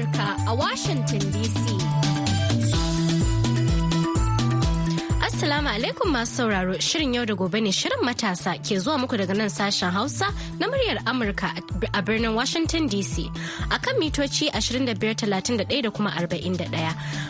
Amurka a Washington DC. Assalamu alaikum masu sauraro shirin yau da gobe ne shirin matasa ke zuwa muku daga nan sashen Hausa na muryar Amurka a birnin Washington DC a kan mitoci 31 da kuma 41.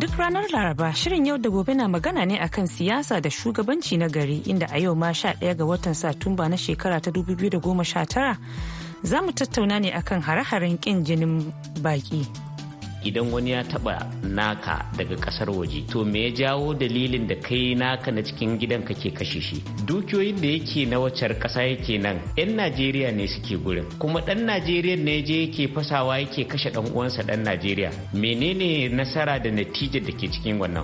duk ranar Laraba shirin yau da gobe na magana ne akan siyasa da shugabanci na gari inda a yau ma sha 11 ga watan Satumba na shekara ta 2019 za mu tattauna ne akan hare-haren kin jinin baƙi. idan wani ya taba naka daga kasar waje to me ya jawo dalilin da kai naka na cikin gidan kake kashe shi dukiyoyin da yake na wacar kasa yake nan yan najeriya ne suke gurin kuma dan najeriya ne je yake fasawa yake kashe dan uwansa dan najeriya menene nasara da natija da ke cikin wannan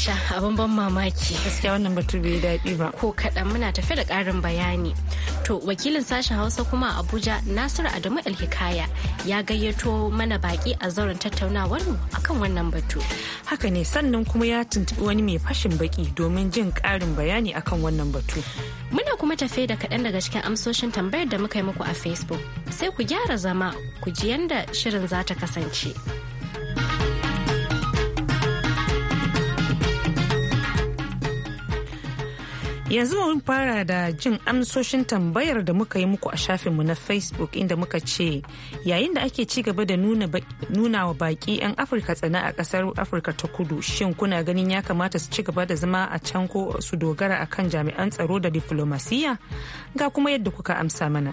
Aisha abin ban mamaki. Gaskiya wannan batu bai daɗi ba. Ko kaɗan muna tafe da ƙarin bayani. To wakilin sashen Hausa kuma a Abuja Nasiru Adamu Alhikaya ya gayyato mana baƙi a zauren tattaunawar mu akan wannan batu. Haka ne sannan kuma ya tuntuɓi wani mai fashin baƙi domin jin ƙarin bayani akan wannan batu. Muna kuma tafe da kaɗan daga cikin amsoshin tambayar da muka yi muku a Facebook. Sai ku gyara zama ku ji yanda shirin za ta kasance. yanzu mun fara da jin amsoshin tambayar da muka yi muku a shafinmu na facebook inda muka ce yayin da ake ci gaba da nuna wa baki 'yan afirka tsana a kasar afirka ta kudu shin kuna ganin ya kamata su ci gaba da zama a can ko su dogara akan jami'an tsaro da diflomasiya ga kuma yadda kuka amsa mana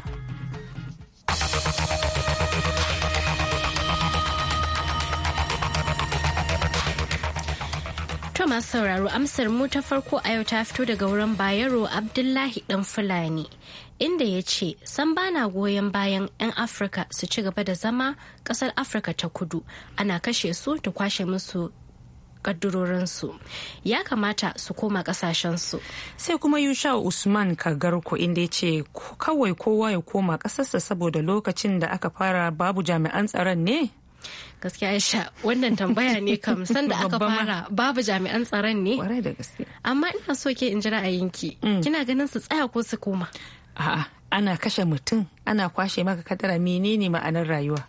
To masu sauraro amsar mu ta farko a yau ta fito daga wurin Bayero Abdullahi dan Fulani inda ya ce san bana goyon bayan 'yan Afirka su ci gaba da zama kasar Afirka ta kudu ana kashe su ta kwashe musu kaddurorinsu ya kamata su koma kasashensu. sai kuma yusha usman kagarko inda ya ce kawai kowa ya koma kasarsa saboda lokacin da aka fara babu jami'an tsaron ne gaskiya aisha wannan tambaya ne kam sanda aka fara babu jami'an tsaron ne amma ina so ke in ji ra'ayinki mm. kina ganin su tsaya ko su koma a'a ana kashe mutum ana kwashe maka kadara menene ma'anar rayuwa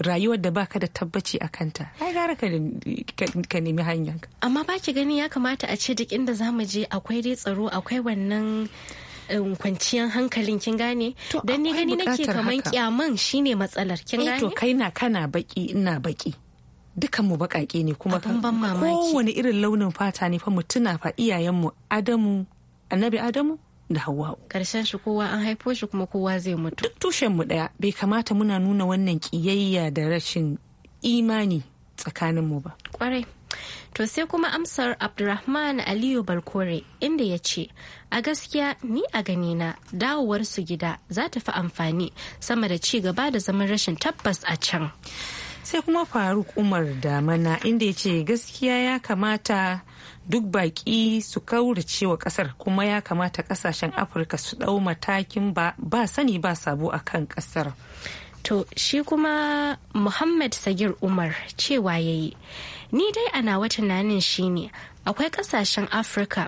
rayuwar da baka da tabbaci a kanta ai gara ka, nemi hanyar amma baki gani ya kamata a ce duk inda zamu je akwai dai tsaro akwai wannan Um, kwanciyar hankalin kin gane dan ni gani nake kaman kyaman shine matsalar kin eh, gane to kai na kana baki ina baki dukan mu bakake ne kuma kowane irin launin fata ne fa mu tuna fa iyayenmu Adamu Annabi Adamu da Hawwa'u. Karshen shi kowa an haifo shi kuma kowa zai mutu. Duk tushen mu daya bai kamata muna nuna wannan kiyayya da rashin imani tsakanin mu ba. Kwarai. To sai kuma amsar abdurrahman Aliyu Balkore inda ya ce, A gaskiya ni a ganina su gida za ta fi amfani sama da ci gaba da zaman rashin tabbas a can. Sai kuma Faruk Umar da mana inda ya ce gaskiya ya kamata duk baki su kaurace wa kasar kuma ya kamata kasashen Afirka su ɗau matakin ba sani ba sabo a kan kasar. To shi kuma Muhammad Sagir Umar cewa ya yi. ni dai a nawa tunanin shine akwai kasashen afirka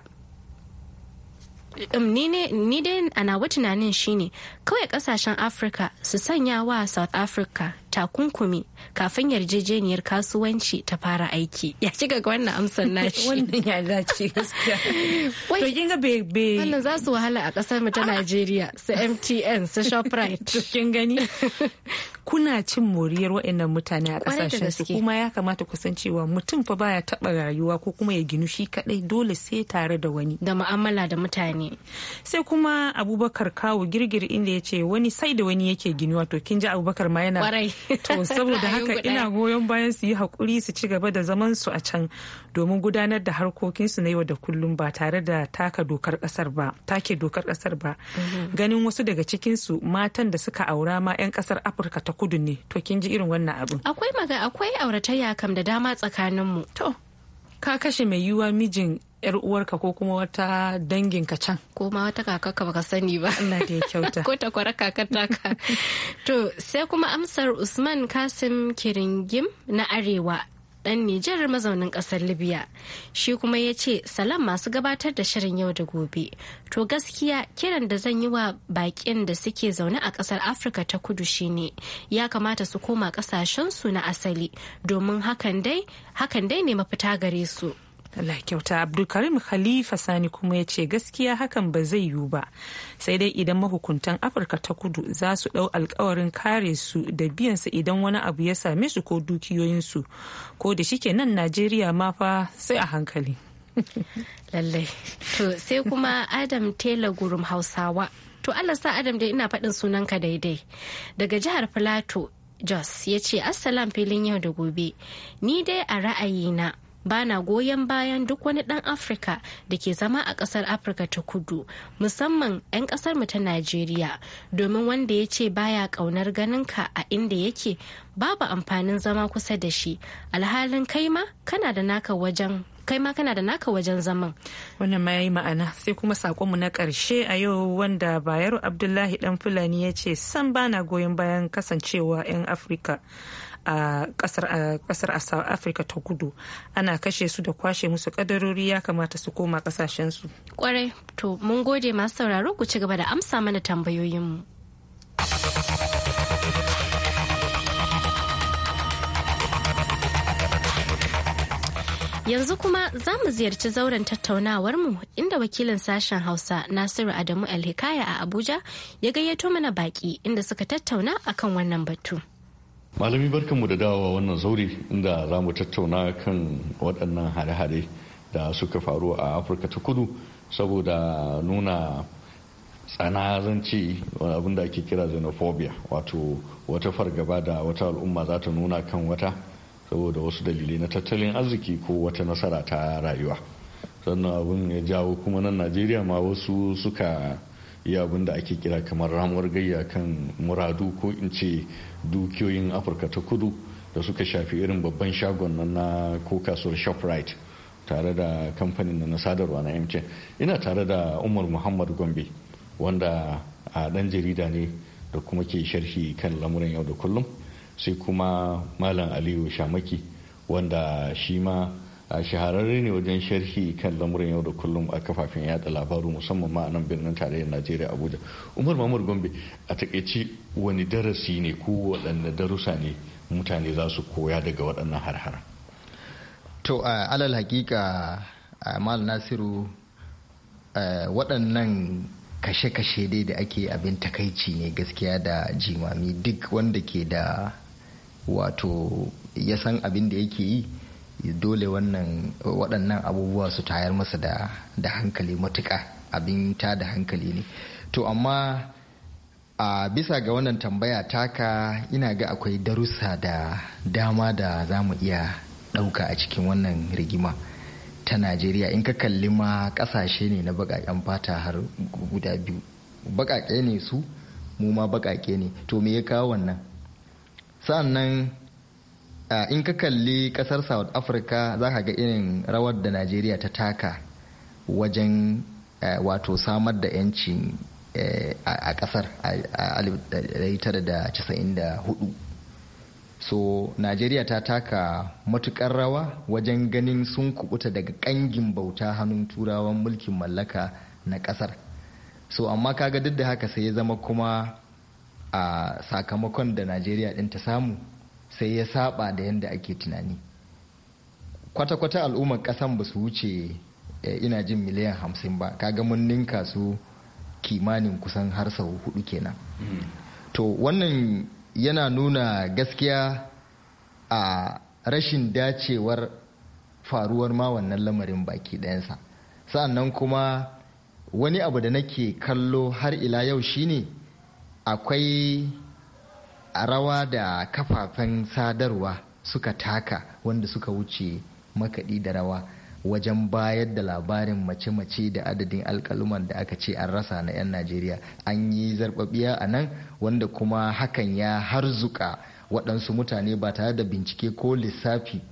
um, ni dai a nawa tunanin shine kawai kasashen afirka su sanya wa south africa takunkumi kafin yarjejeniyar kasuwanci ta fara aiki ya kika ga wannan amsar nashi wannan ya dace gaskiya to kin ga be. wannan za su wahala a kasar mu ta ah! Najeriya su MTN su Shoprite kin gani kuna cin moriyar waɗannan mutane a kasashen su kuma ya kamata ku san cewa mutum fa baya taba rayuwa ko kuma ya ginu shi kadai dole sai tare da wani da mu'amala da mutane sai kuma Abubakar Kawo girgir inda ya ce wani sai da wani yake ginuwa to kin ji Abubakar ma yana to saboda haka ina goyon bayan su yi hakuri su ci gaba da zaman su a can domin gudanar da harkokin su na yau da kullum ba tare da taka dokar kasar ba take dokar kasar ba mhm. ganin wasu daga cikin su matan da suka aura ma yan kasar Afirka ta kudu ne to kin ji irin wannan abin akwai magana akwai auratayya kam da dama tsakanin mu to ka kashe mai yiwuwa mijin yar uwarka ko kuma wata danginka can ko ma wata kakarka baka sani ba Allah da ya kyauta ko ta kwara kakar taka to sai kuma amsar Usman Kasim Kiringim na Arewa dan Nijar mazaunin kasar Libya. Shi kuma yace ce, Salam masu gabatar da shirin yau da gobe. To gaskiya kiran da zan yi wa bakin da suke zaune a kasar Afirka ta kudu shine ya kamata su koma ƙasashensu na asali domin hakan dai hakan dai ne mafita gare su. Allah kyauta Abdulkarim Khalifa Sani kuma ya ce gaskiya hakan ba zai yiwu ba sai dai idan mahukuntan Afirka ta kudu za su ɗau alkawarin kare su da biyansa idan wani abu ya same su ko dukiyoyinsu ko da shike nan Najeriya ma fa sai a hankali. Lallai. To sai kuma Adam Taylor gurum Hausawa. To Allah sa Adam dai ina faɗin sunanka daidai. Daga jihar Filato Jos ya ce Assalam filin yau da gobe. Ni dai a ra'ayina bana goyon bayan duk wani dan afirka da ke zama a kasar afirka ta kudu musamman 'yan kasar mu ta najeriya domin wanda ya ce baya kaunar ka a inda yake babu amfanin zama kusa da shi alhalin kaima kana da naka wajen kai ma kana da naka wajen zaman. Wannan ma yayi ma'ana sai kuma mu na ƙarshe a yau wanda Bayero Abdullahi dan Fulani ya ce san bana goyon bayan kasancewa 'yan Afirka. a kasar a south africa ta kudu ana kashe su da kwashe musu kadarori ya kamata su koma kasashensu kwarai to mun gode masu sauraro ku ci gaba da amsa mana tambayoyin mu. Yanzu kuma za mu ziyarci zauren tattaunawar mu inda wakilin sashen Hausa Nasiru Adamu Alhikaya a Abuja ya gayyato mana baki inda suka tattauna akan wannan batu. malami barkanmu da dawowa wannan zauri inda za mu tattauna kan waɗannan hare-hare da suka faru a afirka ta kudu saboda nuna tsana zan ce abin da ake kira xenophobia wato wata fargaba da wata al'umma za ta nuna kan wata saboda wasu dalilai na tattalin arziki ko wata nasara ta rayuwa sannan abin ya jawo kuma nan najeriya ma wasu suka yi abin da ake kira kamar ramuwar gayya kan muradu ko in ce dukiyoyin afirka ta kudu da suka shafi irin babban shagon nan na ko kasuwar shoprite tare da kamfanin na sadarwa na mtn ina tare da umar muhammad gombe wanda a dan jarida ne da kuma ke sharhi kan lamuran yau da kullum sai kuma malam aliyu shamaki wanda shi ma a shahararre ne wajen sharhi kan lamuran yau da kullum a kafafen yada labaru musamman ma a nan birnin tarayyar najeriya abuja umar mamur gombe a takaice wani darasi ne ko waɗanne darussa ne mutane za su koya daga waɗannan harhara to alal hakika mal nasiru waɗannan kashe-kashe dai da ake abin takaici ne gaskiya da jimami duk wanda ke da wato ya san abin da yake yi dole wannan waɗannan abubuwa su tayar masa da da hankali matuƙa abin ta da hankali ne to amma a bisa ga wannan tambaya taka ina ga akwai darussa da dama da za mu iya ɗauka a cikin wannan rigima ta najeriya in ka kalli ma ƙasashe ne na baƙaƙen fata har guda biyu baƙaƙe ne su mu ma baƙaƙe ne to me ya kawo wannan sa'an Ah, in ka kalli kasar south africa za ka ga irin rawar da najeriya ta taka wajen eh, wato samar da 'yanci eh, a kasar a 1994 so najeriya ta taka matukar rawa wajen ganin sun kubuta daga kangin bauta hannun turawan mulkin mallaka na kasar so amma kaga duk da haka sai ya zama kuma a ah, sakamakon da najeriya ɗin ta samu sai ya saba da yadda ake tunani kwata-kwata al'ummar kasan ba su wuce eh, ina jin miliyan hamsin ba kaga mun ninka su kimanin kusan har sau hudu kenan hmm. to wannan yana nuna gaskiya a rashin dacewar faruwar ma wannan lamarin baki ɗayansa sa'annan kuma wani abu da nake kallo har ila yau shine akwai A rawa da kafafen sadarwa suka taka wanda suka wuce makaɗi da rawa wajen bayar da labarin mace-mace da adadin alkaluman da aka ce an rasa na 'yan najeriya an yi zarɓaɓiya a nan wanda kuma hakan ya harzuka waɗansu mutane ba tare da bincike ko lissafi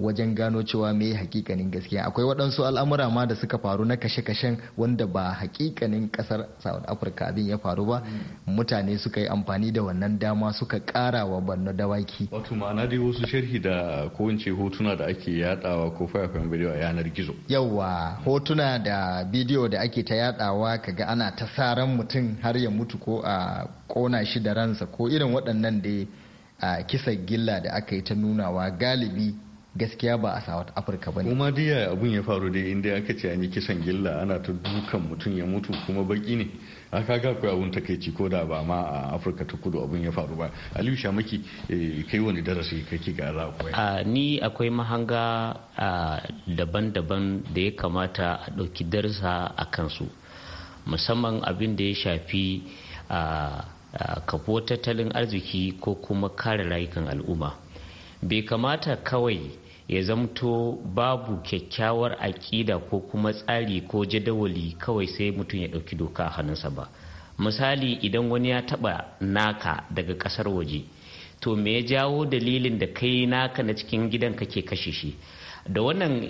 wajen gano cewa me hakikanin gaskiya akwai waɗansu al'amura ma da suka faru na kashe-kashen wanda ba hakikanin ƙasar south africa abin ya faru ba hmm. mutane suka yi amfani da wannan dama suka ƙara wa banna dawaki wato ma'ana dai wasu sharhi da kowace hotuna da ake yadawa ko fayafayen bidiyo a yanar gizo yawa hmm. hotuna da bidiyo da ake ta yadawa kaga ana ta saran mutum har ya mutu ko a kona shi da ransa ko irin waɗannan da kisa gilla da aka yi ta nunawa galibi gaskiya ba a south africa ba ne kuma diya abun ya faru dai inda aka ce an yi kisan gilla ana ta dukan mutum ya mutu kuma baki ne aka ga akwai abun ta takaici ko da ba ma a afirka ta kudu abun ya faru ba aliyu shamaki eh, kai wani darasi kake ga za akwai ni akwai mahanga daban-daban da ya kamata a ɗauki darsa a kansu musamman abin da ya shafi kafo tattalin arziki ko kuma kare rayukan al'umma bai kamata kawai ya zamto babu kyakkyawar aƙida ko kuma tsari ko jadawali kawai sai mutum ya ɗauki doka a hannunsa ba misali idan wani ya taɓa naka daga ƙasar waje to me ya jawo dalilin da kai naka na cikin gidan kake kashe shi da wannan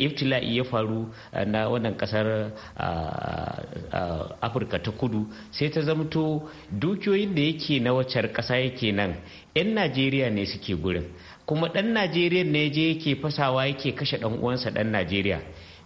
iftila'i ya faru eh, na wannan kasar ah, ah, afirka ta kudu sai ta zamto dukiyoyin da yake na waccar kasa yake nan 'yan najeriya ne suke gurin kuma ɗan najeriya ne je yake fasawa yake kashe ɗan uwansa ɗan najeriya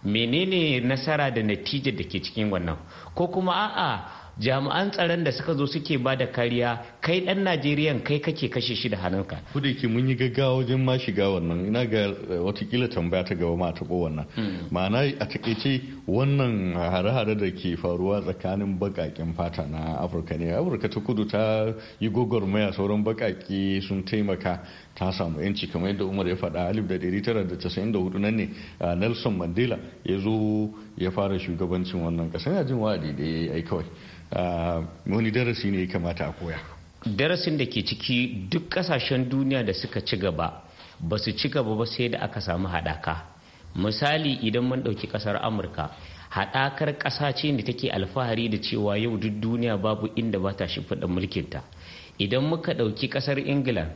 menene nasara da natija da ke cikin wannan ko kuma a'a jami'an tsaron da suka zo suke ba da kariya kai dan Najeriya kai kake kashe shi da hannunka ku da ke mun yi gaggawa wajen ma shiga wannan ina ga eh, watakila tambaya ta gaba ma taɓo wannan hmm. ma'ana a takaice wannan hare-hare da ke faruwa tsakanin baƙaƙen fata na afirka ne afirka ta kudu ta yi gwagwarmaya sauran baƙaƙe sun taimaka ta samu yanci kamar yadda umar ya faɗa alif da ɗari tara da casa'in da hudu nan ne ah, nelson mandela ya zo ya fara shugabancin wannan ƙasa yana jin wa'adi da ya yi kawai Ah, wani darasi ne ya kamata a koya darasin da ke ciki duk kasashen duniya da suka ci gaba ba su ci gaba ba sai da aka samu haɗaka misali idan mun ɗauki ƙasar amurka haɗakar ƙasa ce da take alfahari da cewa yau duk duniya babu inda ba ta shimfiɗa mulkinta idan muka ɗauki ƙasar ingila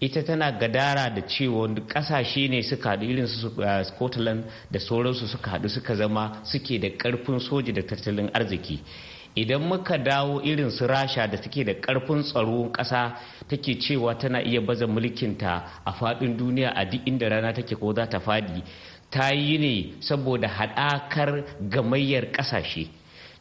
ita tana gadara da cewa ƙasashe ne suka haɗu irin su ah, scotland da sauransu suka haɗu suka zama suke da ƙarfin soja da tattalin arziki idan muka dawo irin su rasha da suke da karfin tsaro ƙasa take cewa tana iya baza mulkinta a faɗin duniya a duk inda rana take ko za ta faɗi ta yi ne saboda haɗakar gamayyar ƙasashe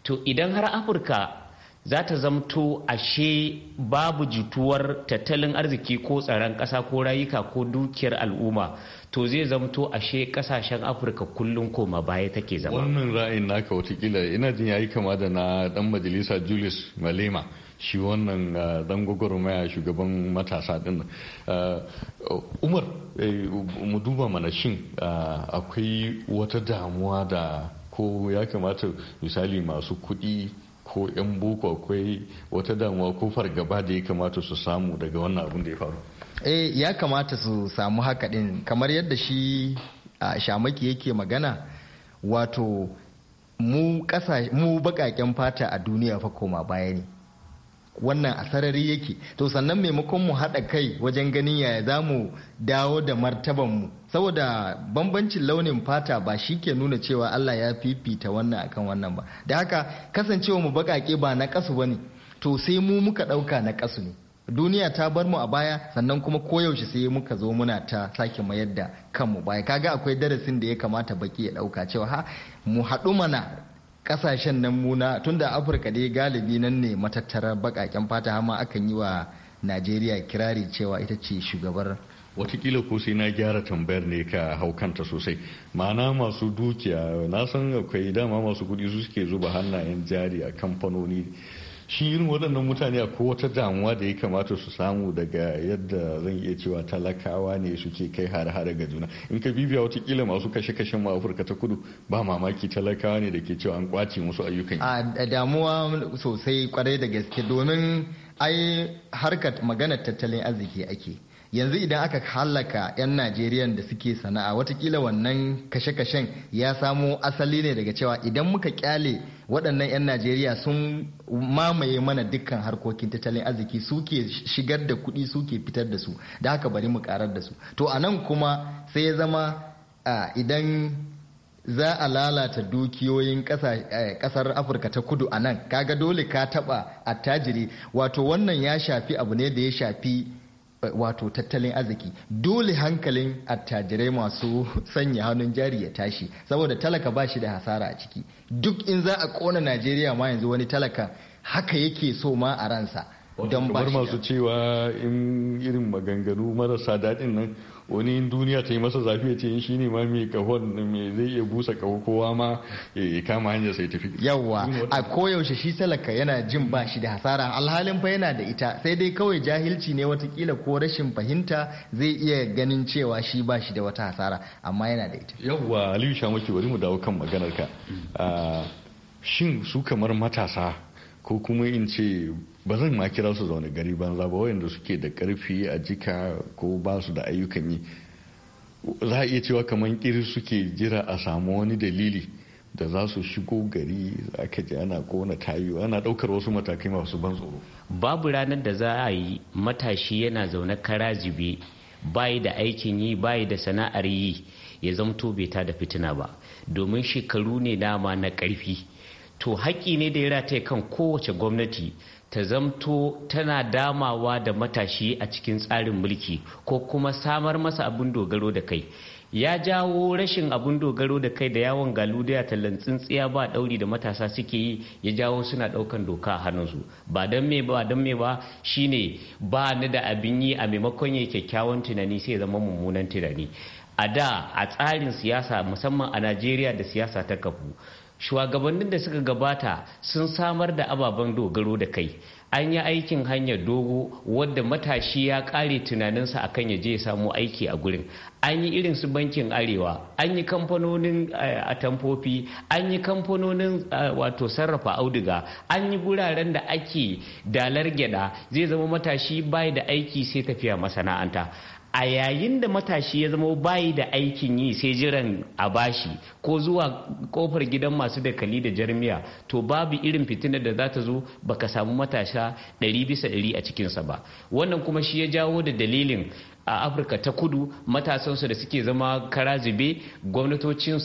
to idan har afirka za ta zamto ashe babu jituwar tattalin arziki ko tsaron ƙasa ko rayuka ko dukiyar al'umma to zai zamto ashe kasashen afirka kullum koma baya take zama wannan ra'ayin naka watakila ina jin yayi kama da na dan majalisa julius malema shi wannan dan ah, gwagwarmaya shugaban matasa din ah, umar eh, mu duba mana shin ah, akwai wata damuwa da ko ya kamata misali masu kuɗi ko 'yan boko akwai wata damuwa ko fargaba da ya kamata su samu daga wannan abin da ya faru eh ya kamata su samu haka din kamar yadda shi a shamaki yake magana wato mu baƙaƙen fata a duniya fa koma baya ne wannan a sarari yake to sannan maimakon mu haɗa kai wajen ganin yaya za mu dawo da martabanmu saboda bambancin launin fata ba shi ke nuna cewa allah ya fifita wannan akan wannan ba da haka kasancewa mu baƙaƙe ba na ƙasu ba ne to sai mu muka ɗauka na ƙasu ne duniya ta bar mu a baya sannan kuma koyaushe sai muka zo muna ta sake mayar da kanmu baya kaga akwai darasin da ya kamata baki ya ɗauka cewa ha mu haɗu mana kasashen nan muna tunda afirka dai galibi nan ne matattarar bakaken fata hama akan yi wa najeriya kirari cewa ita ce shugabar watakila ko sai na gyara tambayar ne ka hau kanta sosai ma'ana masu dukiya na san akwai dama masu kudi su suke zuba hannayen jari a kamfanoni shi irin waɗannan mutane akwai wata damuwa da ya kamata su samu daga yadda zan iya cewa talakawa ne suke kai har hare ga juna in ka bibiya wata kila masu kashe-kashen ma afirka ta kudu ba mamaki talakawa ne da ke cewa an kwace musu ayyukan a damuwa sosai kwarai da gaske domin ai harkar maganar tattalin arziki ake yanzu idan aka halaka 'yan najeriyan da suke sana'a watakila wannan kashe-kashen ya samo asali ne daga cewa idan muka kyale waɗannan 'yan najeriya sun mamaye mana dukkan harkokin tattalin arziki suke shigar da kuɗi suke fitar da su da haka bari mu karar da su to a nan kuma sai ya zama idan za a lalata dukiyoyin kasar afirka ta kudu a nan kaga dole ka taɓa attajiri wato wannan ya shafi abu ne da ya shafi Eh, wato tattalin arziki dole hankalin attajirai masu sanya hannun jari ya tashi saboda talaka ba shi da hasara a ciki duk in za a kona najeriya ma yanzu wani talaka haka yake so ma a ransa don ba masu cewa in irin maganganu marasa daɗin nan wani in duniya ta yi masa zafi ya ce in shine ma mai kahon mai zai iya busa kaho kowa ma ya kama hanyar sai tafi yawwa a koyaushe shi talaka yana jin ba shi da hasara alhalin fa yana da ita sai dai kawai jahilci ne watakila ko rashin fahimta zai iya ganin cewa shi ba shi da wata hasara amma yana da ita yawwa aliyu shamaki bari mu dawo kan maganar ka ah, shin su kamar matasa ko kuma in ce ba zan ma kira su zaune gari banza ba wayanda suke da karfi a jika ko ba su da ayyukan yi za a iya cewa kamar kiri suke jira a samu wani dalili da za su shigo gari za ka ji ana kona tayo ana daukar wasu matakai masu ban tsoro babu ranar da za a yi matashi yana zaune kara zube bayi da aikin yi bayi da sana'ar yi ya zamto bai ta da fitina ba domin shekaru ne dama na karfi to haƙƙi ne da ya rataye kan kowace gwamnati ta zamto tana damawa da matashi a cikin tsarin mulki ko kuma samar masa abin dogaro da kai ya jawo rashin abin dogaro da kai da yawon galudiya tallan tsintsiya ba ɗauri da matasa suke yi ya jawo suna ɗaukan doka a hannunsu ba don me ba don me ba shine ba ni da abin yi a maimakon ya kyakkyawan tunani sai zama mummunan tunani a da a tsarin siyasa musamman a najeriya da siyasa ta kafu shugabannin da suka gabata sun samar da ababen dogaro da kai an yi aikin hanyar dogo wadda matashi ya kare tunaninsa akan ya je ya samu aiki a gurin an yi irin su bankin arewa an yi kamfanonin eh, a tamfofi. an yi kamfanonin eh, wato sarrafa auduga an yi guraren da ake dalar gyada zai zama matashi bai da aiki sai tafiya masana'anta a yayin da matashi ya zama bayi da aikin yi sai jiran a bashi ko zuwa kofar gidan masu dakali da jarmiya to babu irin fitinar da za ta zo baka samu matasha ɗari bisa ɗari a cikinsa ba wannan kuma shi ya jawo da dalilin a afirka ta kudu matasansu da suke zama kara zube gwamnatocin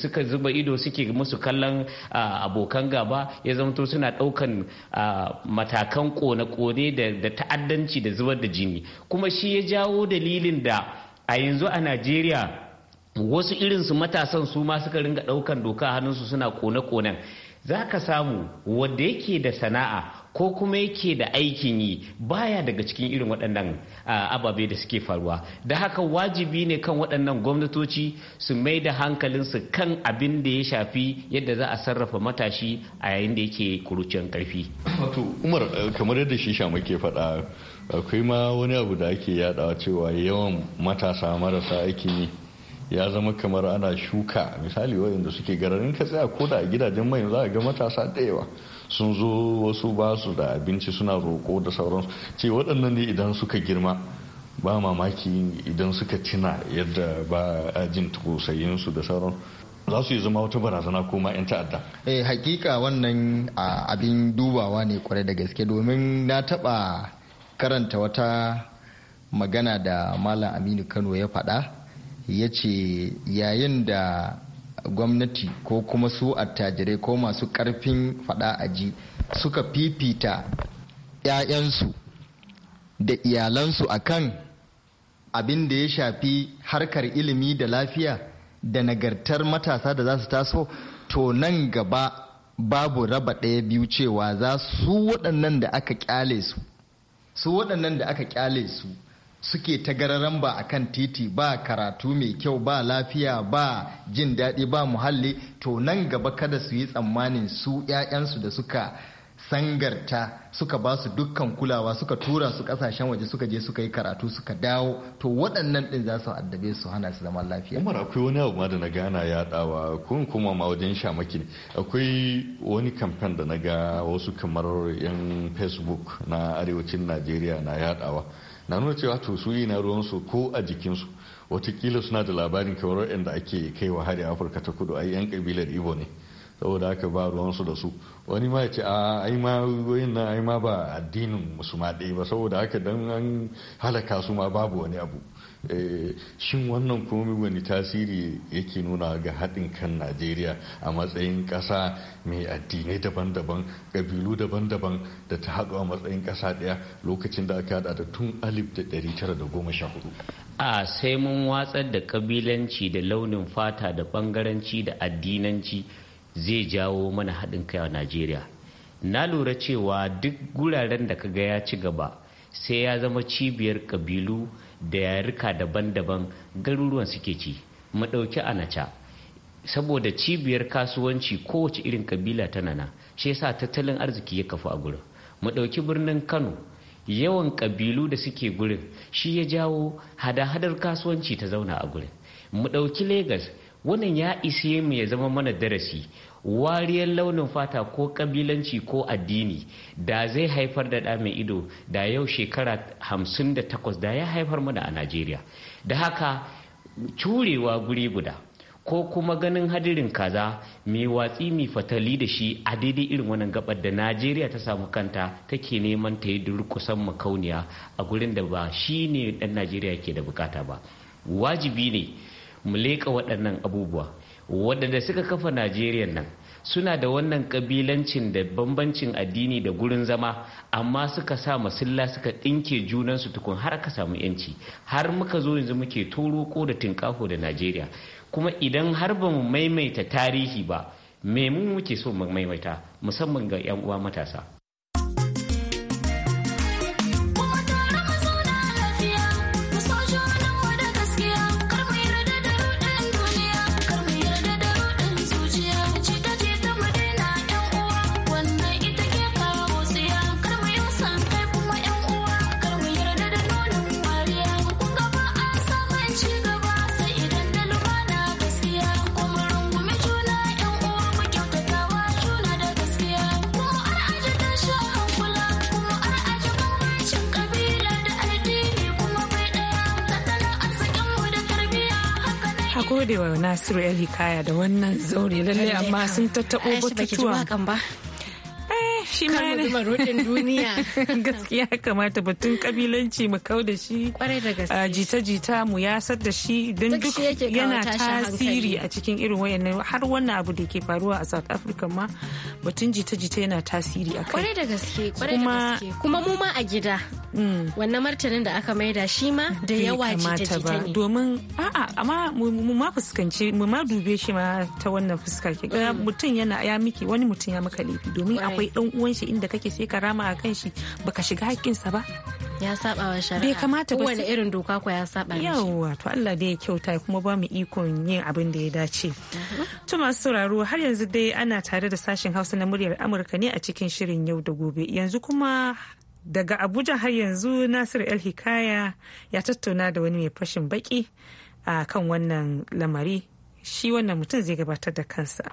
suka zuba ido suke musu kallon abokan gaba ya zamto suna ɗaukan matakan kone-kone da ta'addanci da zubar da jini kuma shi ya jawo dalilin da a yanzu a najeriya wasu irinsu matasan su ma suka ringa ɗaukan doka hannunsu suna kone-konen za ka samu wanda yake da sana'a ko kuma yake da aikin yi baya daga cikin irin waɗannan ababe da suke faruwa da haka wajibi ne kan waɗannan gwamnatoci su mai da hankalinsu kan abin da ya shafi yadda za a sarrafa matashi a yayin da yake kurucin karfi wato umar eh, kamar yadda shi sha ke faɗa akwai ma wani abu da ake yadawa cewa yawan matasa marasa aikin yi ya zama kamar ana shuka misali wayanda suke gararin ka tsaya ko da a gidajen mai za a ga matasa da yawa sun zo wasu ba su da abinci suna roko da sauransu ce waɗannan ne idan suka girma ba mamaki idan suka tuna yadda ba a jin kusayinsu da sauran za su yi zama wata barazana ko ma 'yan ta'adda. eh hakika wannan abin dubawa ne kwarai da gaske domin na taɓa karanta wata magana da malam aminu kano ya faɗa ya ce yayin da gwamnati ko kuma su attajirai ko masu karfin fada ji suka fifita 'ya'yansu da iyalansu akan abin da ya shafi harkar ilimi da lafiya da nagartar matasa da za su taso to nan gaba babu raba ɗaya biyu cewa za su waɗannan da aka kyale su waɗannan da aka kyale su suke tagararan ba a kan titi ba karatu mai kyau ba lafiya ba jin daɗi ba muhalli to nan gaba kada su yi tsammanin su 'ya'yansu da suka sangarta suka ba su dukkan kulawa suka tura su kasashen waje suka je suka yi karatu suka dawo to waɗannan ɗin za su addabe su hana su zaman lafiya umar akwai wani abu ma da na gana ya dawa kun kuma ma wajen shamaki ne akwai wani kamfen da na ga wasu kamar yan facebook na arewacin najeriya na yadawa na nuna cewa to su yi na ruwansu ko a jikinsu watakila suna da labarin kamar waɗanda ake kaiwa hari afirka ta kudu a yan kabilar ibo ne saboda haka ba ruwansu da su wani ma ya ce a ai ma wayin nan ai ba addinin musu ma ɗaya ba saboda haka dan an halaka su ma babu wani abu Eh, shin wannan komai wani tasiri yake nuna ga haɗin kan najeriya a matsayin ƙasa mai addinai daban-daban ƙabilu daban-daban da ta haɗu a matsayin ƙasa ɗaya lokacin da aka haɗa da tun alif da da ɗari tara hudu. a sai mun watsar da ƙabilanci da launin fata da ɓangaranci da addinanci zai jawo mana haɗin kai a najeriya na lura cewa duk guraren da ka ga ya ci gaba sai ya zama cibiyar ƙabilu da yarika daban-daban garuruwan suke ci mu ɗauki naca saboda cibiyar kasuwanci kowace irin kabila tana na shi yasa tattalin arziki ya kafu a gurin mu ɗauki birnin kano yawan kabilu da suke gurin shi ya jawo hada-hadar kasuwanci ta zauna a gurin mu ɗauki Legas wannan ya ise mu ya zama mana darasi wariyar launin fata ko kabilanci ko addini da zai haifar da ɗa mai ido da yau shekara 58 da ya haifar mana a najeriya da haka curewa guri guda ko kuma ganin hadirin kaza mai watsi mai fatali da shi a daidai irin wannan gabar da najeriya ta samu kanta take neman ta yi durkusan makauniya a gurin da ba shi ne dan najeriya ke da bukata ba wajibi ne mu leƙa waɗannan abubuwa waɗanda suka kafa najeriya nan suna da wannan kabilancin da bambancin addini da gurin zama amma suka sa masulla suka ɗinke junansu tukun har ka samu yanci har muka zo yanzu muke toro ko da tinkaho da najeriya kuma idan har ba mu maimaita tarihi ba me mu muke so mu maimaita musamman ga 'yan uwa matasa gode wa Nasiru El Hikaya da wannan zaure lalle amma sun tattabo batutuwa. shi ma yana marodin duniya gaskiya kamata batun kabilanci mu kau da shi kwarai da gaske jita-jita mu yasar da shi don duk yana tasiri a cikin irin wayannan har wannan abu da ke faruwa a South Africa ma batun jita-jita yana tasiri akai kwarai da gaske kwarai da gaske kuma mu ma a gida mm. wannan martanin da aka maida shi ma da yawa jita-jita ne domin a'a amma mu ma fuskanci mu ma dube shi ma ta wannan fuska ke mm. mutum yana ya miki wani mutum ya maka laifi domin akwai dan uwan ruwan shi inda kake sai ka rama a kan shi baka shiga haƙƙinsa ba ya saba wa shari'a bai kamata ba wani irin doka ko ya saba mishi yawa to Allah dai ya kyauta kuma ba mu ikon yin abin da ya dace to masu sauraro har yanzu dai ana tare da sashen Hausa na muryar Amurka ne a cikin shirin yau da gobe yanzu kuma daga Abuja har yanzu Nasir El Hikaya ya tattauna da wani mai fashin baki a kan wannan lamari shi wannan mutum zai gabatar da kansa.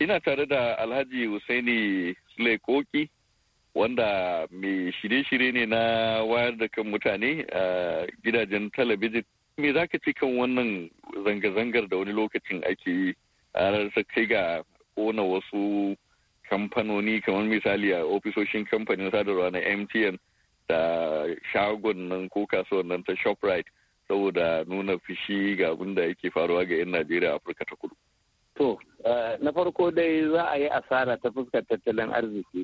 Ina tare da Alhaji Husaini Sule wanda mai shirye-shirye ne na wayar da kan mutane a gidajen talabijin. Me za ka ci kan wannan zanga-zangar da wani lokacin ake yi a rarsa kai ga kona wasu kamfanoni kamar misali a ofisoshin kamfanin sadarwa na MTN da shagon nan ko kasuwan nan ta ShopRite saboda nuna fishi ga abin da yake faruwa ga 'yan Najeriya Afirka ta kudu. To, eh, na farko dai za a yi asara ta fuskar tattalin arziki.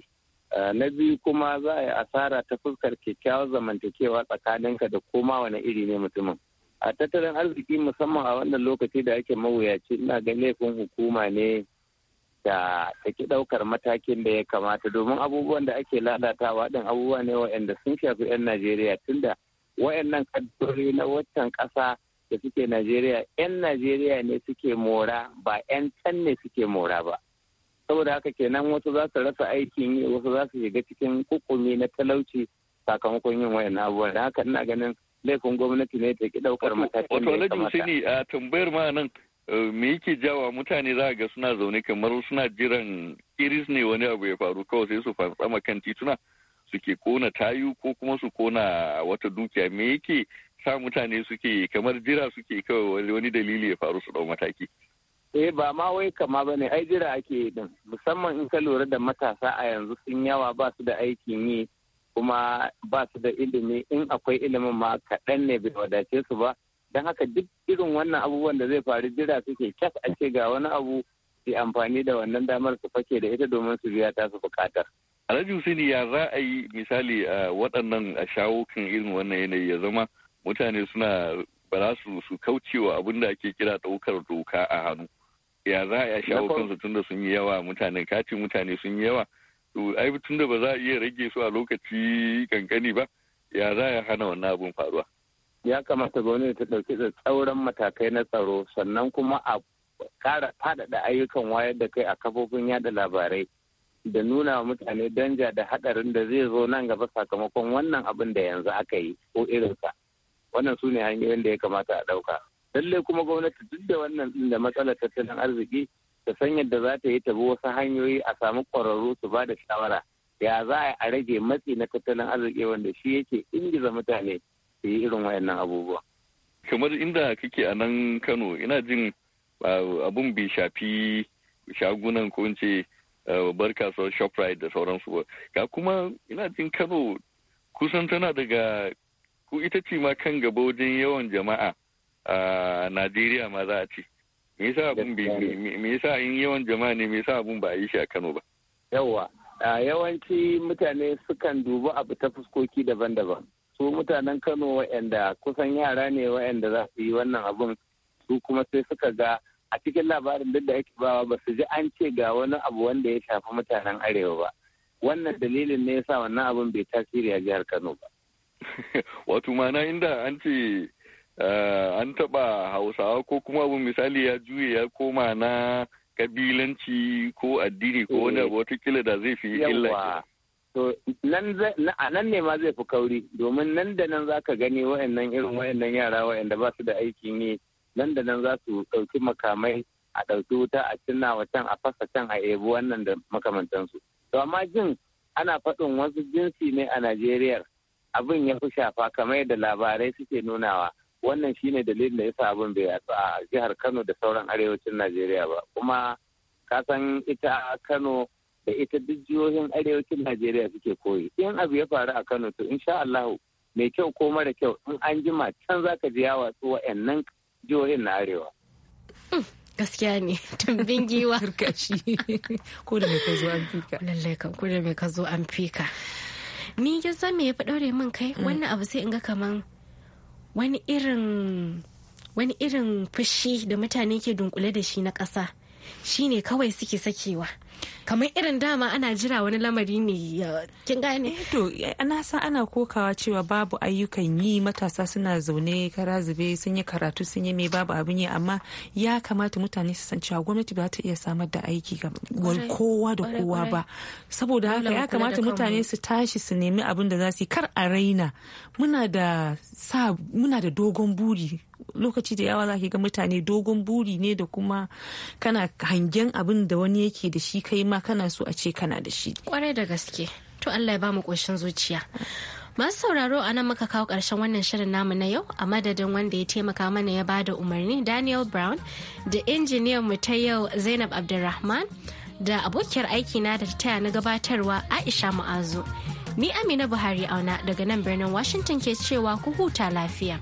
Eh, na biyu kuma za a yi asara ta fuskar kyakkyawar zamantakewa tsakaninka da koma wani iri ne mutumin. A tattalin arziki musamman a wannan lokaci da ake mawuyaci ina ga laifin hukuma ne da ki ɗaukar matakin da ya kamata domin abubuwan da ake lalatawa ɗin abubuwa ne waɗanda sun shafi 'yan Najeriya tunda wa'annan kaddarori na waccan ƙasa da suke Najeriya 'yan Najeriya ne suke mora ba 'yan can ne suke mora ba. Saboda haka kenan wasu za su rasa aikin yi wasu za su shiga cikin kukumi na talauci sakamakon yin wayan abubuwan da haka ina ganin laifin gwamnati ne ta ki daukar matakin da ya kamata. Wato a tambayar ma nan eh, me yake jawa mutane za ga suna zaune kamar suna jiran iris ne wani abu ya faru kawai sai su fantsama kan tituna suke kona tayu ko kuma su kona wata dukiya me yake sa mutane suke kamar jira suke kawai wani dalili ya faru su dau mataki eh ba ma wai kama ba ne ai jira ake din musamman in ka lura da matasa a yanzu sun yawa ba su da aikin yi kuma ba su da ilimi in akwai ilimin ma kaɗan ne bai wadace su ba don haka duk irin wannan abubuwan da zai faru jira suke kyas a ce ga wani abu su amfani da wannan damar su fake da ita domin su biya tasu bukatar. Alhaji Hussaini ya za a yi misali a waɗannan a shawo kan irin wannan yanayi ya zama mutane suna ba za su su kaucewa abin da ake kira ɗaukar doka a hannu ya za a shawo kansu tunda sun yi yawa mutane kati mutane sun yi yawa to ai da ba za a iya rage su a lokaci kankani ba ya za a hana wannan abin faruwa ya kamata gwamnati ta ɗauki da tsauran matakai na tsaro sannan kuma a ƙara faɗaɗa ayyukan wayar da kai a kafofin yada labarai da nuna wa mutane danja da haɗarin da zai zo nan gaba sakamakon wannan abin da yanzu aka yi ko irinsa. wannan su ne hanyoyin da ya kamata a ɗauka lallai kuma gwamnati duk da wannan ɗin da matsalar tattalin arziki ta san yadda za ta yi ta bi wasu hanyoyi a samu ƙwararru su ba da shawara ya za a rage matsi na tattalin arziki wanda shi yake ingiza mutane su yi irin wayannan abubuwa. kamar inda kake a nan kano ina jin abun bai shafi shagunan ko ce bar kasuwar shoprite da sauransu ba ga kuma ina jin kano kusan tana daga ku ita ce ma kan gaba wajen yawan jama'a a Najeriya ma za a ce. Me yasa abun me yasa in yawan jama'a ne me yasa abun ba a yi shi a Kano ba? Yawwa, a yawanci mutane sukan dubi abu ta fuskoki daban-daban. Su mutanen Kano waɗanda kusan yara ne waɗanda za su yi wannan abun su kuma sai suka ga a cikin labarin duk da ake bawa ba su ji an ce ga wani abu wanda ya shafi mutanen arewa ba. Wannan dalilin ne yasa wannan abun bai tasiri a jihar Kano ba. wato mana inda an ce eh, an taɓa hausawa ko kuma abu misali ya juye ya koma na kabilanci ko addini ko wani eh. abu watakila da zai fi illa to nan a nan ne ma zai fi kauri domin nan da nan za ka gani wa'annan irin wa'annan yara wa'anda ba su da aiki ne nan da nan za su ɗauki makamai a ɗauki wuta a cinna wa can a fasa can a ebi wannan da makamantansu to amma jin ana faɗin wasu jinsi ne a najeriya abin ya fi shafa kamar yadda labarai suke nunawa wannan shine dalilin da ya sa abin bai yatsu a jihar kano da sauran arewacin najeriya ba kuma ka san ita kano da ita duk jihohin arewacin najeriya suke koyi in abu ya faru a kano to insha allahu mai kyau ko mara kyau in an jima can ka ji ya watsu wa'annan jihohin na arewa hmm, gaskiya ne tumbin giwa ko da mai ka zo an fika lallai kan ko da mai ka zo an fika ni ya san me ya fi ɗaure min kai mm. wannan abu sai in ga kaman wani irin wani irin fushi da mutane ke dunkule da shi na ƙasa shine kawai suke sakewa kamar irin dama ana jira wani lamari ne kin gane eh, to ana eh, san ana kokawa cewa babu ayyukan yi matasa suna zaune kara zube sun yi karatu sun yi mai babu abin yi amma ya kamata mutane su san cewa gwamnati ba ta iya samar da aiki ga kowa da kowa ba saboda haka ya kamata mutane su tashi su nemi abin da za su yi kar a raina muna da dogon buri lokaci da yawa zaki ga mutane dogon buri ne da kuma kana hangen abin da wani yake da shi kai ma kana so a ce kana da shi kwarai da gaske to Allah ya ba mu koshin zuciya Masu sauraro a nan muka kawo karshen wannan shirin namu na yau a madadin wanda ya taimaka mana ya bada umarni Daniel Brown da injiniyan mu ta yau Zainab Abdulrahman da abokiyar aikina da ta taya na gabatarwa Aisha Mu'azu. Ni Amina Buhari auna daga nan birnin Washington ke cewa ku huta lafiya.